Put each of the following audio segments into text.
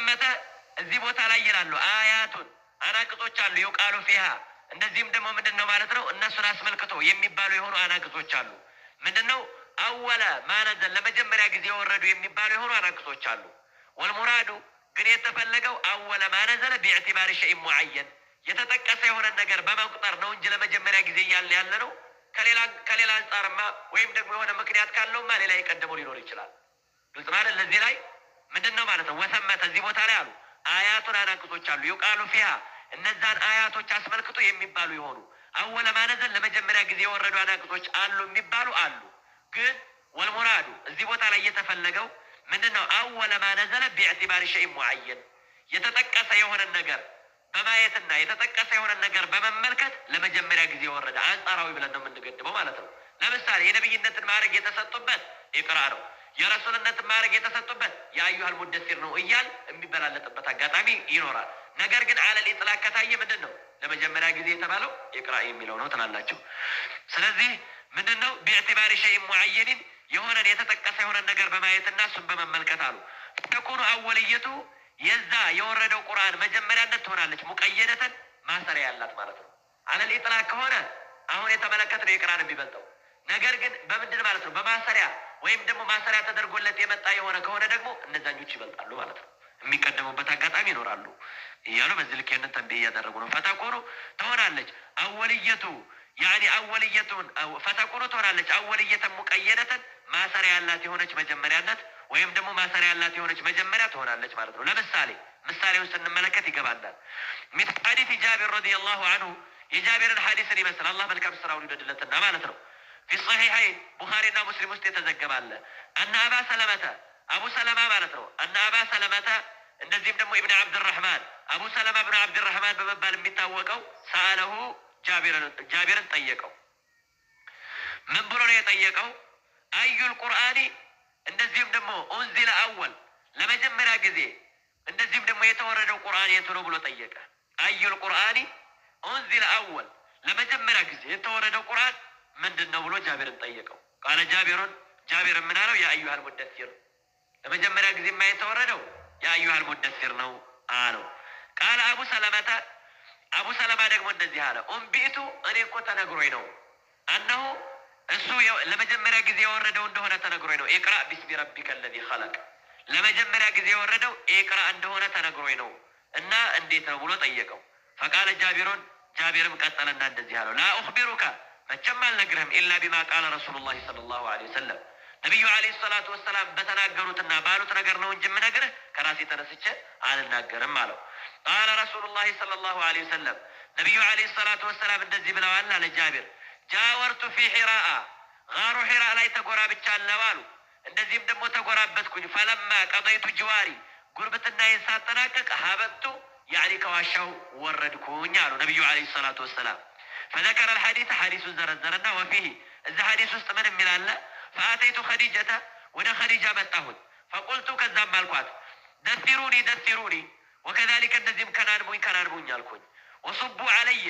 የተቀመጠ እዚህ ቦታ ላይ ይላሉ አያቱን አናቅጾች አሉ ይውቃሉ ፊሃ። እንደዚህም ደግሞ ምንድን ነው ማለት ነው እነሱን አስመልክቶ የሚባሉ የሆኑ አናቅጾች አሉ። ምንድን ነው አወለ ማነዘን ለመጀመሪያ ጊዜ የወረዱ የሚባሉ የሆኑ አናቅጾች አሉ። ወልሙራዱ ግን የተፈለገው አወለ ማነዘለ ቢዕትባር ሸይ ሙዓየን የተጠቀሰ የሆነ ነገር በመቁጠር ነው እንጂ ለመጀመሪያ ጊዜ እያለ ያለ ነው። ከሌላ አንጻርማ ወይም ደግሞ የሆነ ምክንያት ካለውማ ሌላ የቀደመው ሊኖር ይችላል። ግልጽ ማለት ለዚህ ላይ ምንድን ነው ማለት ነው? ወሰመተ እዚህ ቦታ ላይ አሉ አያቱን አናቅጾች አሉ የቃሉ ፊሃ እነዛን አያቶች አስመልክቶ የሚባሉ የሆኑ አወለ ማነዘን ለመጀመሪያ ጊዜ የወረዱ አናቅጾች አሉ የሚባሉ አሉ። ግን ወልሙራዱ እዚህ ቦታ ላይ የተፈለገው ምንድን ነው? አወለ ማነዘለ ቢዕትባር ሸይ ሙዓየን የተጠቀሰ የሆነን ነገር በማየትና የተጠቀሰ የሆነን ነገር በመመልከት ለመጀመሪያ ጊዜ ወረደ አንጻራዊ ብለን ነው የምንገድበው ማለት ነው። ለምሳሌ የነብይነትን ማድረግ የተሰጡበት ይቅራ ነው። የረሱልነት ማድረግ የተሰጡበት የአዩሃል ሙደሲር ነው እያል የሚበላለጥበት አጋጣሚ ይኖራል። ነገር ግን አለል ኢጥላቅ ከታየ ምንድን ነው ለመጀመሪያ ጊዜ የተባለው የቅራ የሚለው ነው ትላላችሁ። ስለዚህ ምንድን ነው ቢዕትባሪ ሸይን ሙዓየኒን የሆነን የተጠቀሰ የሆነን ነገር በማየትና እሱን በመመልከት አሉ ተኩኑ አወልየቱ የዛ የወረደው ቁርአን መጀመሪያነት ትሆናለች። ሙቀየደተን ማሰሪያ ያላት ማለት ነው። አለል ኢጥላቅ ከሆነ አሁን የተመለከት ነው የቅራን የሚበልጠው ነገር ግን በምንድን ማለት ነው በማሰሪያ ወይም ደግሞ ማሰሪያ ተደርጎለት የመጣ የሆነ ከሆነ ደግሞ እነዛኞች ይበልጣሉ ማለት ነው። የሚቀደሙበት አጋጣሚ ይኖራሉ እያሉ በዚህ ልክ ያንን ተንብዬ እያደረጉ ነው። ፈተቁኑ ትሆናለች አወልየቱ ያኒ አወልየቱን ፈተቁኑ ትሆናለች አወልየተን ሙቀየደተን ማሰሪያ ያላት የሆነች መጀመሪያነት ወይም ደግሞ ማሰሪያ ያላት የሆነች መጀመሪያ ትሆናለች ማለት ነው። ለምሳሌ ምሳሌ ውስጥ እንመለከት ይገባናል። ሚስ ሐዲስ ጃቢር ረዲየላሁ አንሁ የጃቢርን ሐዲስን ይመስል አላህ መልካም ስራውን ይወድለትና ማለት ነው ፊ ሶሒሐይን ቡኻሪና ሙስሊም ውስጥ የተዘገባለ አና አባ ሰለመተ አቡ ሰለማ ማለት ነው። አና አባ ሰለመተ እንደዚህም ደግሞ ኢብን ዓብድራህማን አቡ ሰለማ ብን ዓብድራህማን በመባል የሚታወቀው ሰአለሁ ጃቢርን ጠየቀው። ምን ብሎ ነው የጠየቀው? አዩል ቁርአኒ እንደዚህም ደግሞ ኡንዚለ አወል ለመጀመሪያ ጊዜ እንደዚህም ደግሞ የተወረደው ቁርአን የቱ ነው ብሎ ጠየቀ። አዩል ቁርአኒ ኡንዚለ አወል ለመጀመሪያ ጊዜ የተወረደው ቁርአን ምንድን ነው ብሎ ጃቤርን ጠየቀው። ቃለ ጃቤሮን ጃቤር የምናለው የአዩሃል ሙደሲር ለመጀመሪያ ጊዜ ተወረደው የአዩሃል ሙደሲር ነው አለው። ቃለ አቡ ሰለማታ አቡ ሰለማ ደግሞ እንደዚህ አለ። ኡንቢቱ እኔ እኮ ተነግሮኝ ነው አነሁ እሱ ለመጀመሪያ ጊዜ የወረደው እንደሆነ ተነግሮኝ ነው። ኤቅራ ቢስሚ ረቢከ ለዚ ኸለቅ ለመጀመሪያ ጊዜ የወረደው ኤቅራ እንደሆነ ተነግሮኝ ነው እና እንዴት ነው ብሎ ጠየቀው። ፈቃለ ጃቢሮን ጃቢርም ቀጠለና እንደዚህ አለው ላ ኡኽቢሩከ መቼም አልነግርህም ኢላ ቢማ ቃለ ረሱሉላሂ ሰለላሁ ዐለይሂ ወሰለም ነቢዩ ዐለይሂ ሰላቱ ወሰላም በተናገሩትና ባሉት ነገር ነው እንጂ የምነግርህ ከራሴ ተነስቼ አልናገርም አለው። ቃለ ረሱሉላሂ ሰለላሁ ዐለይሂ ወሰለም ነቢዩ ዐለይሂ ሰላቱ ወሰላም እንደዚህ ብለዋል አለ ጃቢር። ጃወርቱ ፊ ሒራአ ጋሩ ሒራ ላይ ተጎራብቻለሁ አሉ። እንደዚህም ደግሞ ተጎራበትኩኝ። ፈለማ ቀበይቱ ጅዋሪ ጉርብትናዬን ሳጠናቀቅ ሀበቱ ያኒ ከዋሻው ወረድኩኝ አሉ ነቢዩ ዐለይሂ ሰላቱ ወሰላም ፈዘከረ ልሐዲስ ሐዲሱን ዘረዘረና ወፊህ እዚ ሐዲስ ውስጥ ምን የሚል አለ? ፈአተይቱ ኸዲጀተ ወደ ኸዲጃ መጣሁት። ፈቁልቱ ከዛም አልኳት ደሲሩኒ ደሲሩኒ ወከዛሊከ እንደዚህም ከናድሙኝ ከናድሙኝ አልኩኝ። ወሱቡ አለየ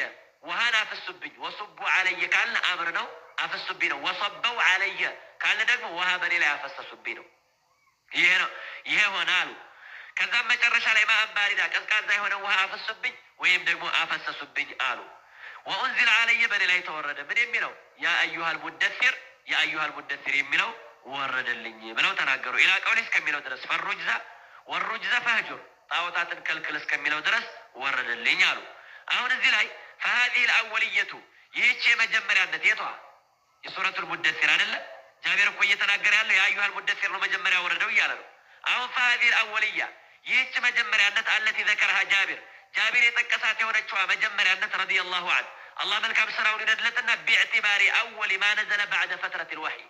ውሃን አፍሱብኝ። ወሱቡ አለየ ካለ አምር ነው አፍሱብኝ ነው። ወሰበው አለየ ካለ ደግሞ ውሃ በኔ ላይ አፈሰሱብኝ ነው። ይሄ ነው ይሄ ሆነ አሉ። ከዛም መጨረሻ ላይ ማዕን ቀዝቃዛ የሆነ ውሃ አፈሱብኝ ወይም ደግሞ አፈሰሱብኝ አሉ። ወኡንዚል አለየ በሌላ የተወረደ ምን የሚለው ያ አዩሃል ሙደሲር ያ አዩሃል ሙደሲር የሚለው ወረደልኝ ብለው ተናገሩ። ኢላ ቀውሊ እስከሚለው ድረስ ፈሩጅዛ ወሩጅዘ ፈህጁር ጣዖታትን ከልክል እስከሚለው ድረስ ወረደልኝ አሉ። አሁን እዚህ ላይ ፈሀዚህ ልአወልየቱ ይህች የመጀመሪያነት የቷ የሱረቱል ሙደሲር አይደለ? ጃቤር እኮ እየተናገረ ያለው የአዩሃል ሙደሲር ነው መጀመሪያ ወረደው እያለ ነው። አሁን ፈሀዚህ ልአወልያ ይህች መጀመሪያነት አለት የዘከረሃ ጃቤር ጃቢር የጠቀሳት የሆነችዋ መጀመሪያነት ረዲየላሁ አንሁ አላህ መልካም ስራውን ይደድለትና ቢዕትባሪ አወል ማ ነዘለ ባዕደ ፈትረት ልወሕይ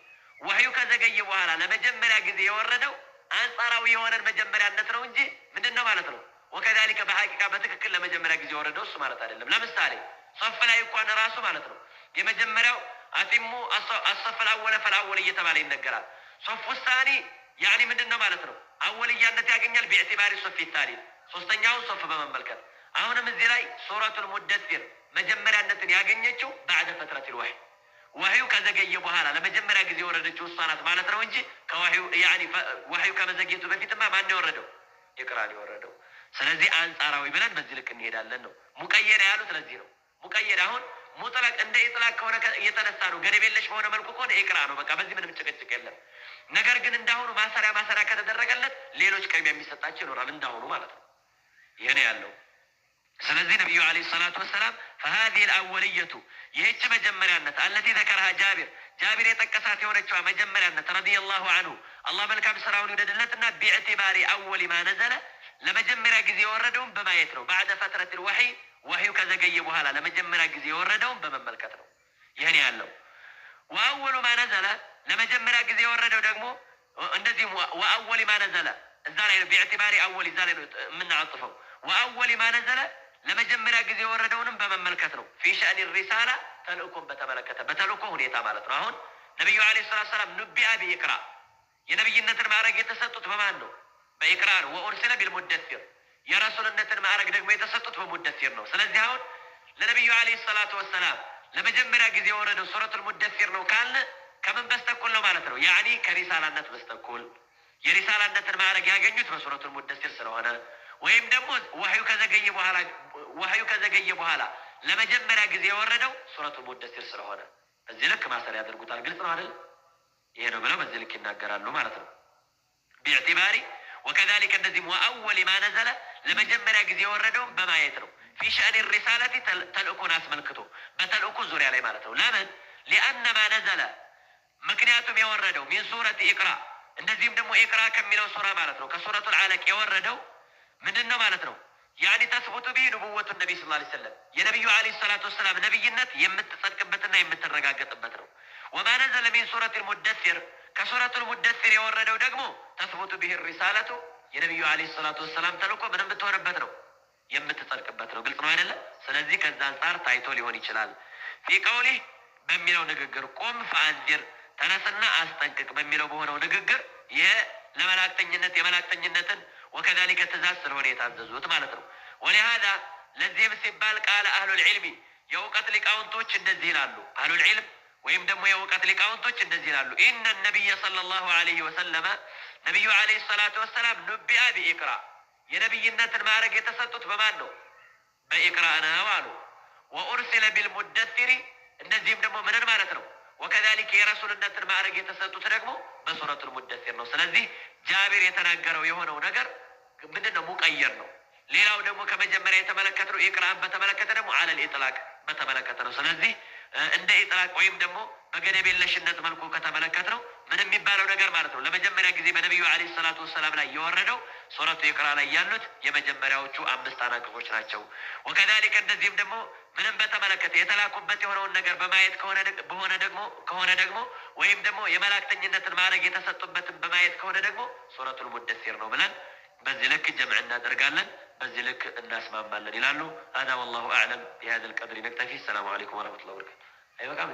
ወሕዩ ከዘገየ በኋላ ለመጀመሪያ ጊዜ የወረደው አንጻራዊ የሆነን መጀመሪያነት ነው እንጂ ምንድን ነው ማለት ነው። ወከዛሊከ በሐቂቃ በትክክል ለመጀመሪያ ጊዜ የወረደው እሱ ማለት አይደለም። ለምሳሌ ሶፍ ላይ እንኳን ራሱ ማለት ነው የመጀመሪያው አጢሙ አሶፍ አወለ ፈልአወል እየተባለ ይነገራል። ሶፍ ውሳኔ ያኒ ምንድን ነው ማለት ነው አወልያነት ያገኛል። ቢዕትባሪ ሶፍ ታኒ ሶስተኛውን ሶፍ በመመልከት አሁንም እዚህ ላይ ሱረቱል ሙደሲር መጀመሪያነትን ያገኘችው ባዕደ ፈትረቲል ወሕይ ወሕዩ ከዘገየ በኋላ ለመጀመሪያ ጊዜ የወረደችው እሷ ናት ማለት ነው እንጂ ወሕዩ ከመዘግየቱ በፊትማ ማን የወረደው? የቅራን የወረደው። ስለዚህ አንጻራዊ ብለን በዚህ ልክ እንሄዳለን ነው። ሙቀየዳ ያሉት ለዚህ ነው። ሙቀየዳ አሁን ሙጥለቅ እንደ ኢጥላቅ ከሆነ እየተነሳ ነው። ገደብ የለሽ በሆነ መልኩ ከሆነ ይቅራ ነው። በቃ በዚህ ምንም ጭቅጭቅ የለም። ነገር ግን እንዳሁኑ ማሰሪያ ማሰሪያ ከተደረገለት ሌሎች ቅድሚያ የሚሰጣቸው ይኖራል። እንዳሁኑ ማለት ነው። ይህን ያለው። ስለዚህ ነቢዩ ዓለይሂ ሰላቱ ወሰላም ፈሃዚህ ልአወልየቱ ይህች መጀመሪያነት አለቲ ዘከረሃ ጃቢር ጃቢር የጠቀሳት የሆነችዋ መጀመሪያነት ረዲየላሁ አንሁ አላህ መልካም ስራውን ይውደድለትና ቢዕትባሪ አወል ማ ነዘለ ለመጀመሪያ ጊዜ የወረደውን በማየት ነው። ባዕደ ፈትረት ልወሕይ ወሕዩ ከዘገየ በኋላ ለመጀመሪያ ጊዜ የወረደውን በመመልከት ነው። ይህን ያለው ወአወሉ ማ ነዘለ ለመጀመሪያ ጊዜ የወረደው ደግሞ እንደዚህም ወአወሊ ማ ነዘለ እዛ ላይ ነው። ቢዕትባሪ አወል እዛ ላይ ነው የምናአጥፈው ወአወሊ ማ ነዘለ ለመጀመሪያ ጊዜ የወረደውንም በመመልከት ነው። ፊሻኒ ሪሳላ ተልእኮን በተመለከተ በተልእኮ ሁኔታ ማለት ነው። አሁን ነቢዩ ዓለይሂ ሰላቱ ሰላም ኑቢያ ቢኢቅራ የነቢይነትን ማዕረግ የተሰጡት በማን ነው? በኢቅራ ወኡርሲለ ቢልሙደሲር የረሱልነትን ማዕረግ ደግሞ የተሰጡት በሙደሲር ነው። ስለዚህ አሁን ለነቢዩ ዓለይሂ ሰላቱ ወሰላም ለመጀመሪያ ጊዜ የወረደው ሱረቱል ሙደሲር ነው ካልን ከምን በስተኩል ነው ማለት ነው? ያኒ ከሪሳላነት በስተኩል የሪሳላነትን ማዕረግ ያገኙት በሱረቱል ሙደሲር ስለሆነ ወይም ደግሞ ወህዩ ከዘገየ በኋላ ወህዩ ከዘገየ በኋላ ለመጀመሪያ ጊዜ የወረደው ሱረቱል ሙደሲር ስለሆነ በዚህ ልክ ማሰር ያደርጉታል። ግልጽ ነው አይደል? ይሄ ነው ብለው በዚህ ልክ ይናገራሉ ማለት ነው። ቢዕትባሪ ወከዛሊከ እንደዚህም ወአወል ማነዘለ ለመጀመሪያ ጊዜ የወረደውን በማየት ነው። ፊ ሸእኒ ሪሳለቲ ተልእኮን አስመልክቶ በተልእኮ ዙሪያ ላይ ማለት ነው። ለምን ሊአነ ማነዘለ ምክንያቱም የወረደው ሚን ሱረት ኢቅራ እንደዚህም ደግሞ ኢቅራ ከሚለው ሱራ ማለት ነው ከሱረቱል አለቅ የወረደው ምንድን ነው ማለት ነው ያኒ ተስቡቱ ቢ ንቡወቱ ነቢ ስ ላ ሰለም የነቢዩ አለ ሰላት ወሰላም ነቢይነት የምትጸድቅበትና የምትረጋገጥበት ነው። ወማ ነዘለ ሚን ሱረት ልሙደሲር ከሱረት ልሙደሲር የወረደው ደግሞ ተስቡቱ ቢህ ሪሳለቱ የነቢዩ አለ ሰላት ወሰላም ተልእኮ ምን የምትሆንበት ነው የምትጸድቅበት ነው። ግልጽ ነው አይደለም? ስለዚህ ከዛ አንጻር ታይቶ ሊሆን ይችላል። ፊ ቀውሊህ በሚለው ንግግር ቁም ፈአንዚር ተነስና አስጠንቅቅ በሚለው በሆነው ንግግር ይህ ለመላእክተኝነት የመላእክተኝነትን ወከዛሊከ ትእዛዝ ስለሆነ የታዘዙት ማለት ነው። ወሊሃዛ ለዚህም ሲባል ቃለ አህሉል ዒልሚ የእውቀት ሊቃውንቶች እንደዚህ ይላሉ። አህሉል ዒልም ወይም ደግሞ የእውቀት ሊቃውንቶች እንደዚህ ይላሉ። ኢነ ነቢየ ሰለላሁ ዐለይሂ ወሰለመ ነቢዩ ዐለይሂ ሰላቱ ወሰላም ኑቢአ ቢኢቅራ የነቢይነትን ማዕረግ የተሰጡት በማን ነው? በኢቅራ ነው አሉ። ወኡርሲለ ቢልሙደሲሪ እንደዚህም ደግሞ ምንን ማለት ነው ወከዛሊክ የረሱልነትን ማዕረግ የተሰጡት ደግሞ በሱረቱል ሙደሲር ነው። ስለዚህ ጃቢር የተናገረው የሆነው ነገር ምንድን ነው? ሙቀየር ነው። ሌላው ደግሞ ከመጀመሪያ የተመለከትነው ኢቅራአን በተመለከተ ደግሞ አለል ኢጥላቅ በተመለከተ ነው። ስለዚህ እንደ ኢጥላቅ ወይም ደግሞ በገደብ የለሽነት መልኩ ከተመለከት ነው ምን የሚባለው ነገር ማለት ነው። ለመጀመሪያ ጊዜ በነቢዩ ዓለይሂ ሰላቱ ወሰላም ላይ የወረደው ሱረቱ ኢቅራ ላይ ያሉት የመጀመሪያዎቹ አምስት አናቅፎች ናቸው። ወከዛሊከ እንደዚህም ደግሞ ምንም በተመለከተ የተላኩበት የሆነውን ነገር በማየት በሆነ ደግሞ ከሆነ ደግሞ ወይም ደግሞ የመላእክተኝነትን ማድረግ የተሰጡበትን በማየት ከሆነ ደግሞ ሱረቱል ሙደሲር ነው ብለን በዚህ ልክ ጀምዕ እናደርጋለን። በዚህ ልክ እናስማማለን ይላሉ። አና ወላሁ አዕለም። ቢሀዘል ቀድሪ ነቅተፊ። ሰላሙ አለይኩም ወረመቱላ በረካቱ። አይበቃም።